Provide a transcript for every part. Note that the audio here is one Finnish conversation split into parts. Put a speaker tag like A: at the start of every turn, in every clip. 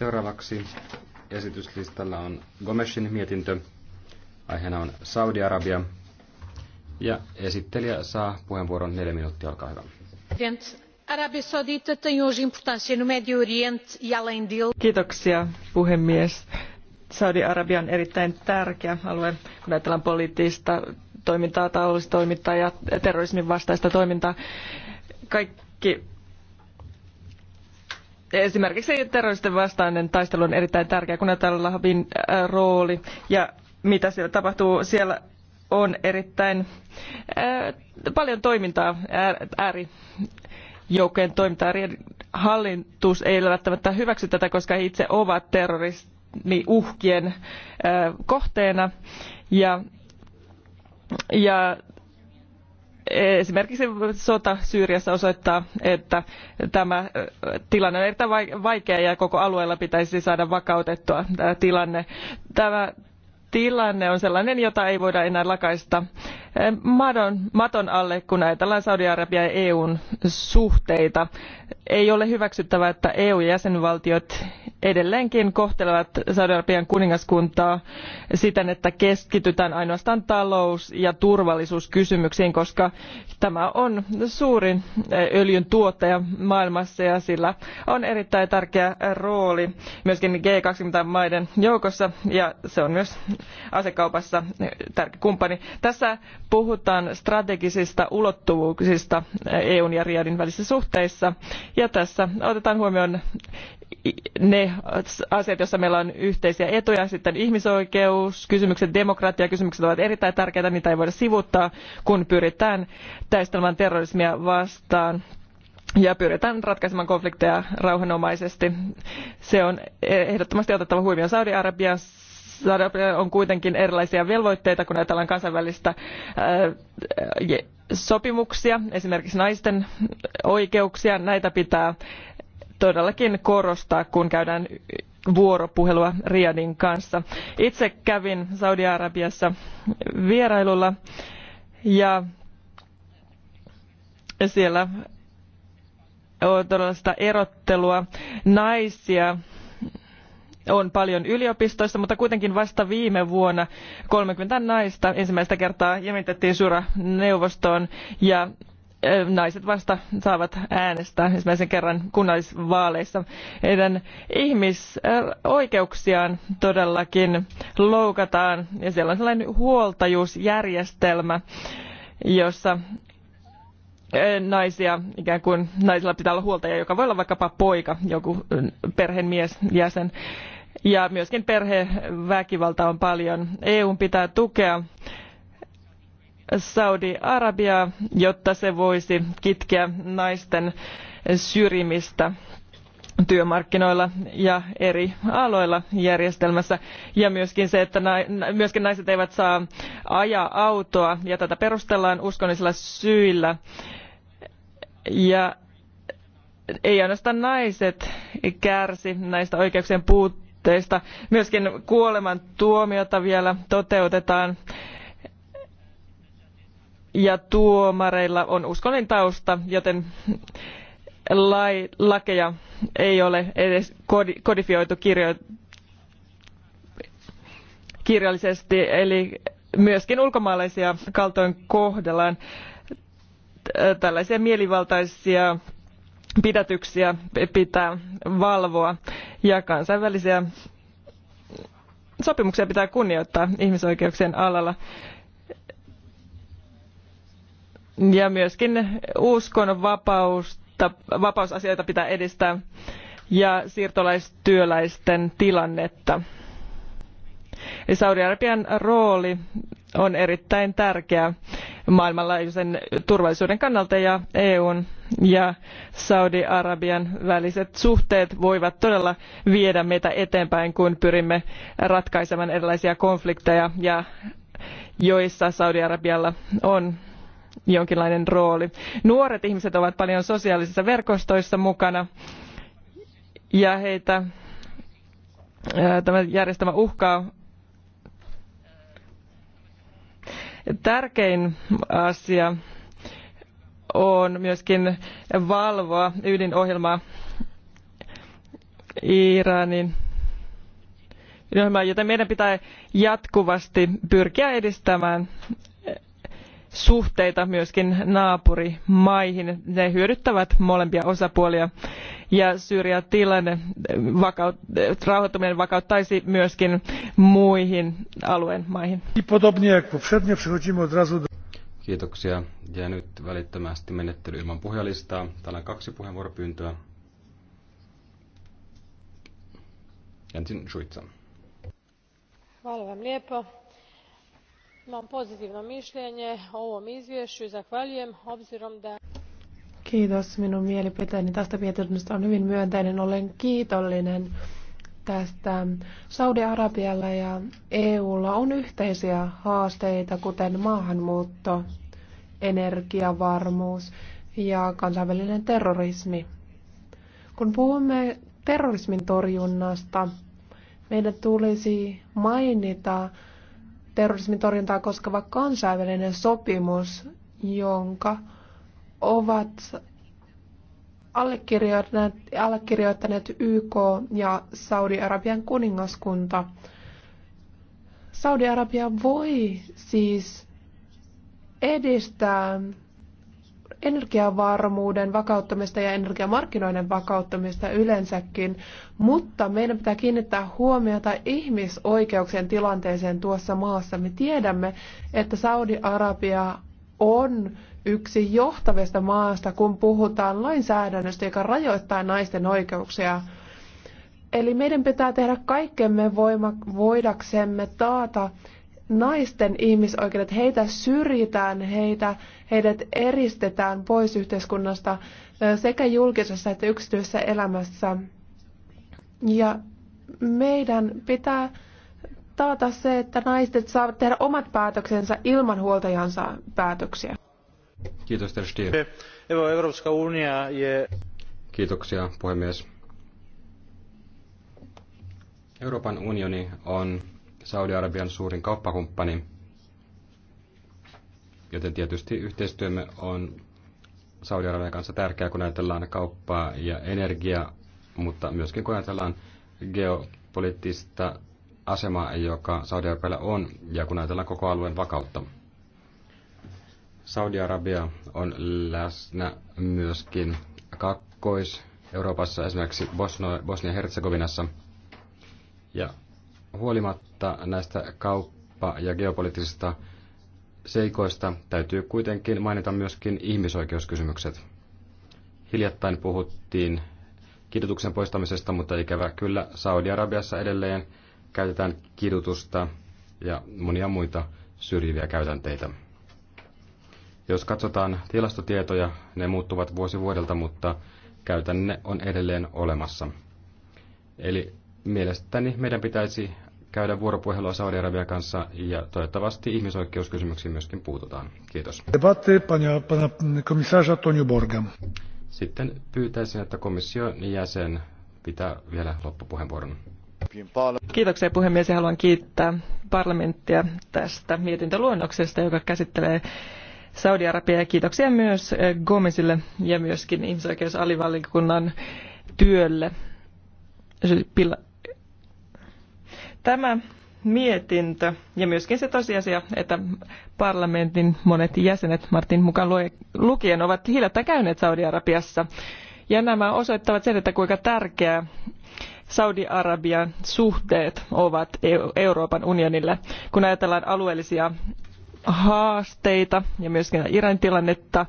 A: Seuraavaksi esityslistalla on Gomesin mietintö. Aiheena on Saudi-Arabia. Ja esittelijä saa puheenvuoron neljä minuuttia, olkaa hyvä. no
B: e Kiitoksia, puhemies. Saudi-Arabia on erittäin tärkeä alue, kun ajatellaan poliittista toimintaa, toimintaa ja terrorismin vastaista toimintaa. Kaikki esimerkiksi terroristin vastainen taistelu on erittäin tärkeä, kun ajatellaan Lahabin äh, rooli ja mitä siellä tapahtuu. Siellä on erittäin ää, äh, paljon toimintaa, äärijoukkojen toimintaa. Äärien hallitus ei välttämättä hyväksy tätä, koska he itse ovat terrorismiuhkien ää, äh, kohteena. Ja, ja esimerkiksi sota Syyriassa osoittaa, että tämä äh, tilanne on erittäin vaikea ja koko alueella pitäisi saada vakautettua tämä tilanne. Tämä tilanne on sellainen, jota ei voida enää lakaista eh, maton, maton alle, kun ajatellaan Saudi-Arabia ja EUn suhteita. Ei ole hyväksyttävää, että EU-jäsenvaltiot edelleenkin kohtelevat Saudi-Arabian kuningaskuntaa siten, että keskitytään ainoastaan talous- ja turvallisuuskysymyksiin, koska tämä on suurin eh, öljyn tuottaja maailmassa ja sillä on erittäin tärkeä rooli myöskin G20-maiden joukossa ja se on myös asekaupassa tärkeä kumppani. Tässä puhutaan strategisista ulottuvuuksista EUn ja Riadin välisissä suhteissa ja tässä otetaan huomioon ne asiat, joissa meillä on yhteisiä etuja, sitten ihmisoikeus, kysymykset demokratia, kysymykset ovat erittäin tärkeitä, niitä ei voida sivuuttaa, kun pyritään taistelumaan terrorismia vastaan ja pyritään ratkaisemaan konflikteja rauhanomaisesti. Se on e- ehdottomasti otettava huomioon Saudi-Arabiassa Äh, on kuitenkin erilaisia velvoitteita, kun ajatellaan kansainvälistä äh, sopimuksia, esimerkiksi naisten oikeuksia. Näitä pitää todellakin korostaa, kun käydään vuoropuhelua Riadin kanssa. Itse kävin Saudi-Arabiassa vierailulla ja siellä on todella sitä erottelua naisia on paljon yliopistoissa, mutta kuitenkin vasta viime vuonna kolmekymmentä naista ensimmäistä kertaa jämitettiin Sura-neuvostoon ja naiset vasta saavat äänestää ensimmäisen kerran kunnallisvaaleissa. Heidän ihmisoikeuksiaan todellakin loukataan ja siellä on sellainen huoltajuusjärjestelmä, jossa naisia, ikään kuin naisilla pitää olla huoltaja, joka voi olla vaikkapa poika, joku perheen miesjäsen ja myöskin perheväkivaltaa on paljon. E n pitää tukea Saudi Arabiaa, jotta se voisi kitkeä naisten syrjimistä työmarkkinoilla ja eri aloilla järjestelmässä ja myöskin se että myöskin naiset eivät saa ajaa autoa ja tätä perustellaan uskonnollisilla syillä ja ei ainoastaan naiset kärsi näistä oikeuksien puutteista puutteista. Myöskin kuoleman tuomiota vielä toteutetaan ja tuomareilla on uskonnollinen tausta, joten lai, lakeja ei ole edes kodifioitu kirjo, kirjallisesti, eli myöskin ulkomaalaisia kaltoin kohdellaan tällaisia mielivaltaisia pidätyksiä pitää valvoa ja kansainvälisiä sopimuksia pitää kunnioittaa ihmisoikeuksien alalla. Ja myöskin uskonnonvapausta, vapausasioita pitää edistää ja siirtolaistyöläisten tilannetta saudi arabian rooli on erittäin tärkeä maailmanlaajuisen turvallisuuden kannalta ja eun ja saudi arabian väliset suhteet voivat todella viedä meitä eteenpäin kun pyrimme ratkaisemaan erilaisia konflikteja joissa saudi arabialla on jonkinlainen rooli. nuoret ihmiset ovat paljon sosiaalisissa verkostoissa mukana ja heitä tämä järjestelmä uhkaa Tärkein asia on myöskin valvoa ydinohjelmaa Iranin ydinohjelmaa, joten meidän pitää jatkuvasti pyrkiä edistämään suhteita myöskin naapurimaihin. Ne hyödyttävät molempia osapuolia ja Syyrian tilanne rauhoittuminen vakauttaisi myöskin muihin alueen maihin.
A: Kiitoksia. Ja nyt välittömästi menettely ilman puhujalistaa. Täällä on kaksi puheenvuoropyyntöä. Ensin Šuica.
C: Hvala vam lijepo. Imam pozitivno mišljenje o ovom izvješću i zahvaljujem obzirom da... Kiitos minun mielipiteeni tästä mietinnöstä on hyvin myönteinen. Olen kiitollinen tästä. Saudi-Arabialla ja EUlla on yhteisiä haasteita, kuten maahanmuutto, energiavarmuus ja kansainvälinen terrorismi. Kun puhumme terrorismin torjunnasta, meidän tulisi mainita terrorismin torjuntaa koskeva kansainvälinen sopimus, jonka ovat allekirjoittaneet, allekirjoittaneet YK ja Saudi-Arabian kuningaskunta. Saudi-Arabia voi siis edistää energiavarmuuden vakauttamista ja energiamarkkinoiden vakauttamista yleensäkin, mutta meidän pitää kiinnittää huomiota ihmisoikeuksien tilanteeseen tuossa maassa. Me tiedämme, että Saudi-Arabia on yksi johtavista maasta, kun puhutaan lainsäädännöstä, joka rajoittaa naisten oikeuksia. Eli meidän pitää tehdä kaikkemme voima, voidaksemme taata naisten ihmisoikeudet. Heitä syrjitään, heitä, heidät eristetään pois yhteiskunnasta sekä julkisessa että yksityisessä elämässä. Ja meidän pitää taata se, että naiset saavat tehdä omat päätöksensä ilman huoltajansa päätöksiä.
A: Kiitos, Terstier. Kiitoksia, puhemies. Euroopan unioni on Saudi-Arabian suurin kauppakumppani, joten tietysti yhteistyömme on Saudi-Arabian kanssa tärkeää, kun ajatellaan kauppaa ja energiaa, mutta myöskin kun ajatellaan geopoliittista asema, joka saudi on, ja kun ajatellaan koko alueen vakautta. Saudi-Arabia on läsnä myöskin Kakkois-Euroopassa, esimerkiksi Bosnia-Herzegovinassa. Ja huolimatta näistä kauppa- ja geopoliittisista seikoista täytyy kuitenkin mainita myöskin ihmisoikeuskysymykset. Hiljattain puhuttiin kidutuksen poistamisesta, mutta ikävä kyllä Saudi-Arabiassa edelleen käytetään kidutusta ja monia muita syrjiviä käytänteitä. Jos katsotaan tilastotietoja, ne muuttuvat vuosi vuodelta, mutta käytänne on edelleen olemassa. Eli mielestäni meidän pitäisi käydä vuoropuhelua Saudi-Arabian kanssa ja toivottavasti ihmisoikeuskysymyksiin myöskin puututaan. Kiitos.
C: Debate, pana, pana komissaarza Borga.
A: Sitten pyytäisin, että komission jäsen pitää vielä loppupuheenvuoron.
B: Kiitoksia puhemies ja haluan kiittää parlamenttia tästä mietintöluonnoksesta, joka käsittelee Saudi-Arabiaa ja kiitoksia myös eh, Gomesille ja myöskin ihmisoikeusalivaliokunnan työlle. Siis Tämä mietintö ja myöskin se tosiasia, että parlamentin monet jäsenet, Martin mukaan lukien, ovat hiljattain käyneet Saudi-Arabiassa. Ja nämä osoittavat sen, että kuinka tärkeää Saudi-Arabian suhteet ovat Euroopan unionille. Kun ajatellaan alueellisia haasteita ja myös Iranin tilannetta,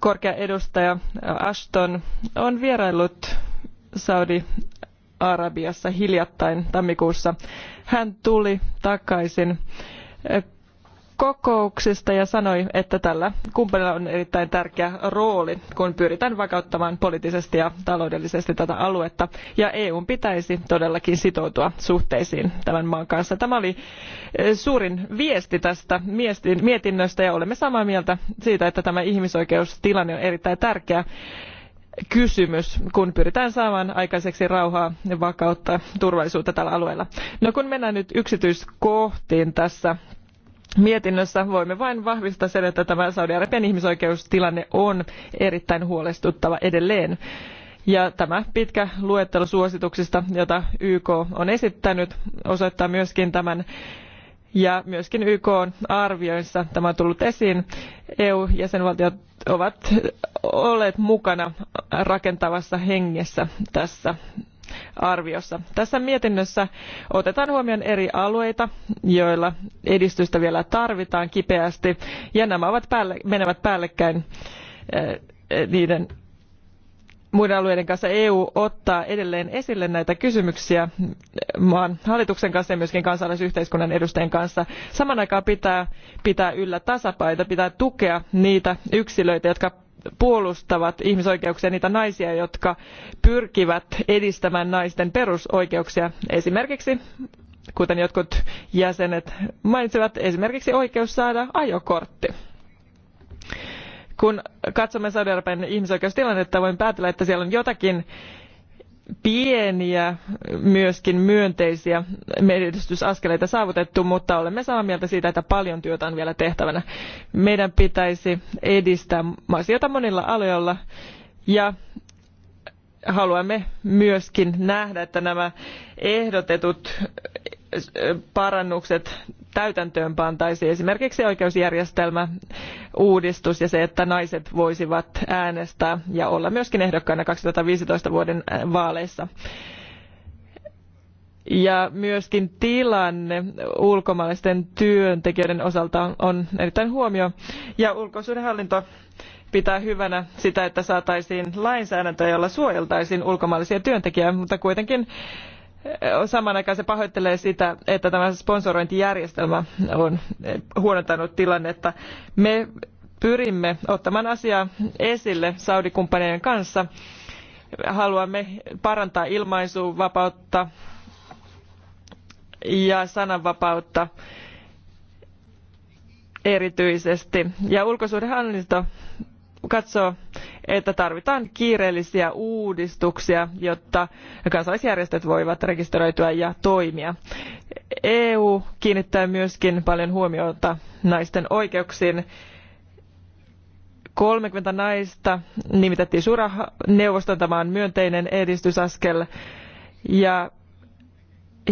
B: korkea edustaja Ashton on vieraillut Saudi-Arabiassa hiljattain tammikuussa. Hän tuli takaisin kokouksesta ja sanoi, että tällä kumppanilla on erittäin tärkeä rooli, kun pyritään vakauttamaan poliittisesti ja taloudellisesti tätä aluetta. Ja EUn pitäisi todellakin sitoutua suhteisiin tämän maan kanssa. Tämä oli eh, suurin viesti tästä mietinnöstä ja olemme samaa mieltä siitä, että tämä ihmisoikeustilanne on erittäin tärkeä kysymys kun pyritään saamaan aikaiseksi rauhaa vakautta ja turvallisuutta tällä alueella. No kun mennään nyt yksityiskohtiin tässä mietinnössä voimme vain vahvistaa sen, että tämä Saudi-Arabian ihmisoikeustilanne on erittäin huolestuttava edelleen. Ja tämä pitkä luettelo suosituksista, jota YK on esittänyt, osoittaa myöskin tämän ja myöskin YK on arvioissa tämä on tullut esiin. EU-jäsenvaltiot ovat olleet mukana rakentavassa hengessä tässä arviossa. Tässä mietinnössä otetaan huomioon eri alueita, joilla edistystä vielä tarvitaan kipeästi, ja nämä ovat päälle, menevät päällekkäin eh, niiden muiden alueiden kanssa eu ottaa edelleen esille näitä kysymyksiä eh, maan hallituksen kanssa ja myös kansalaisyhteiskunnan edustajien kanssa. samaan aikaan pitää pitää yllä tasapainoa pitää tukea niitä yksilöitä jotka puolustavat ihmisoikeuksia niitä naisia jotka pyrkivät edistämään naisten perusoikeuksia esimerkiksi kuten jotkut jäsenet mainitsivat esimerkiksi oikeus saada ajokortti. kun katsomme saudi arabian ihmisoikeustilannetta voimme päätellä että siellä on jotakin pieniä myöskin myönteisiä edistysaskeleita saavutettu mutta olemme samaa mieltä siitä että paljon työtä on vielä tehtävänä. meidän pitäisi edistää asioita monilla aloilla ja haluamme myöskin nähdä että nämä ehdotetut parannukset täytäntöön pantaisiin esimerkiksi oikeusjärjestelmä uudistus ja se että naiset voisivat äänestää ja olla myös ehdokkaina kaksituhatta viisitoista vuoden äh, vaaleissa ja myös tilanne ulkomaalaisten työntekijöiden osalta on erittäin huomio ja ulkosuhdehallinto pitää hyvänä sitä että saataisiin lainsäädäntöä, jolla suojeltaisiin ulkomaalaisia työntekijöitä mutta kuitenkin se pahoittelee sitä, että tämä sponsorointijärjestelmä on huonontanut tilannetta. Me pyrimme ottamaan asiaa esille Saudi-kumppaneiden kanssa. Haluamme parantaa ilmaisuvapautta ja sananvapautta erityisesti. Ja ulkosuhdehallinto katsoo että tarvitaan kiireellisiä uudistuksia, jotta kansalaisjärjestöt voivat rekisteröityä ja toimia. EU kiinnittää myöskin paljon huomiota naisten oikeuksiin. 30 naista nimitettiin suuraneuvoston. Tämä on myönteinen edistysaskel. Ja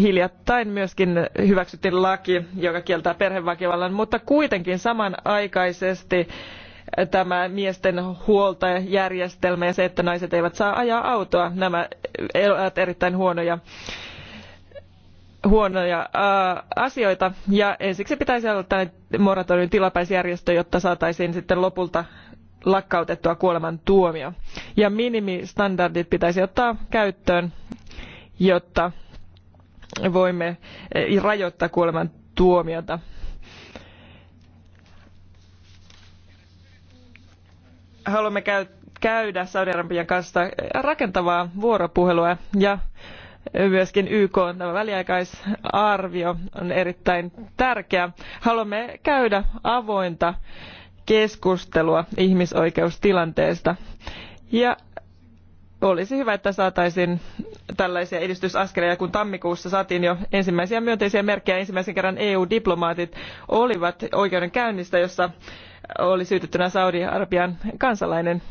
B: hiljattain myöskin hyväksyttiin laki, joka kieltää perheväkivallan, mutta kuitenkin samanaikaisesti tämä miesten huoltajärjestelmä ja se, että naiset eivät saa ajaa autoa. Nämä ovat erittäin huonoja huonoja äh, asioita ja ensiksi pitäisi olla tällainen moratorion tilapäisjärjestö, jotta saataisiin sitten lopulta lakkautettua kuolemantuomio. Ja minimistandardit pitäisi ottaa käyttöön, jotta voimme äh, rajoittaa kuolemantuomiota. haluamme käydä Saudi-Arabian kanssa rakentavaa vuoropuhelua ja myöskin YK tämä väliaikaisarvio on erittäin tärkeä. Haluamme käydä avointa keskustelua ihmisoikeustilanteesta ja olisi hyvä, että saataisiin tällaisia edistysaskeleja, kun tammikuussa saatiin jo ensimmäisiä myönteisiä merkkejä. Ensimmäisen kerran EU-diplomaatit olivat oikeudenkäynnistä, jossa oli syytettynä Saudi-Arabian kansalainen.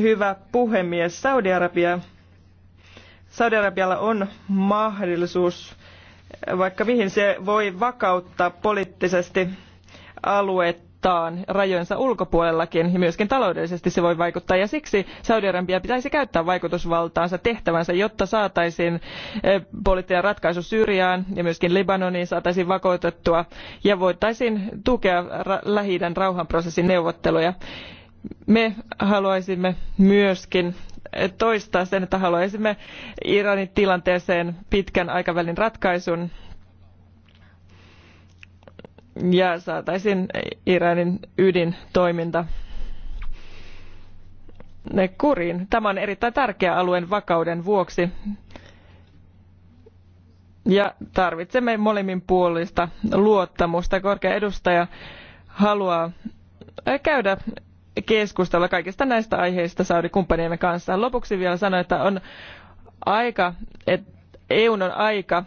B: Hyvä puhemies, Saudi-Arabia. Saudi-Arabialla on mahdollisuus, vaikka mihin se voi vakauttaa poliittisesti aluetta valuuttaan rajojensa ulkopuolellakin ja myöskin taloudellisesti se voi vaikuttaa ja siksi saudi arabia pitäisi käyttää vaikutusvaltaansa tehtävänsä jotta saataisiin poliittinen ratkaisu syyriaan ja myöskin libanoniin saataisiin vakoitettua ja voitaisiin tukea lähi idän rauhanprosessin neuvotteluja. me haluaisimme myöskin toistaa sen että haluaisimme iranin tilanteeseen pitkän aikavälin ratkaisun ja saataisiin Iranin ydintoiminta ne kuriin. Tämä on erittäin tärkeä alueen vakauden vuoksi. Ja tarvitsemme molemmin puolista luottamusta. Korkea edustaja haluaa käydä keskustella kaikista näistä aiheista Saudi-kumppaniemme kanssa. Lopuksi vielä sanoa, että on aika, että n on aika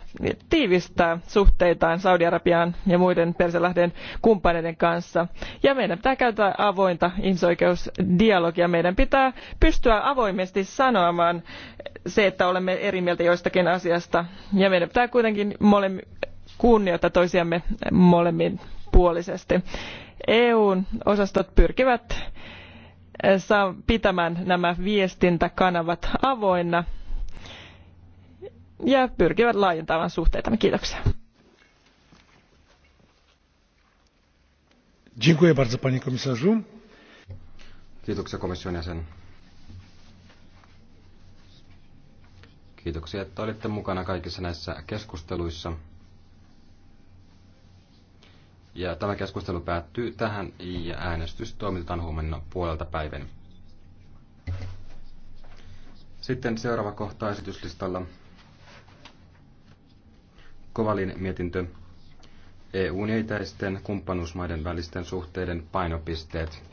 B: tiivistää suhteitaan saudi arabian ja muiden Persianlahden kumppaneiden kanssa. Ja meidän pitää käyttää avointa ihmisoikeusdialogia. Meidän pitää pystyä avoimesti sanomaan se, että olemme eri mieltä joistakin asiasta. Ja meidän pitää kuitenkin kunnioittaa toisiamme molemminpuolisesti. puolisesti. n osastot pyrkivät eh, pitämään nämä viestintäkanavat avoinna ja pyrkivät laajentamaan suhteitamme. Kiitoksia.
A: Dziękuję bardzo, panie komisarzu. Kiitoksia komission jäsen. Kiitoksia, että olitte mukana kaikissa näissä keskusteluissa. Ja tämä keskustelu päättyy tähän ja äänestys toimitetaan huomenna puolelta päivän. Sitten seuraava kohta esityslistalla. Kovalin mietintö EUn ja itäisten kumppanuusmaiden välisten suhteiden painopisteet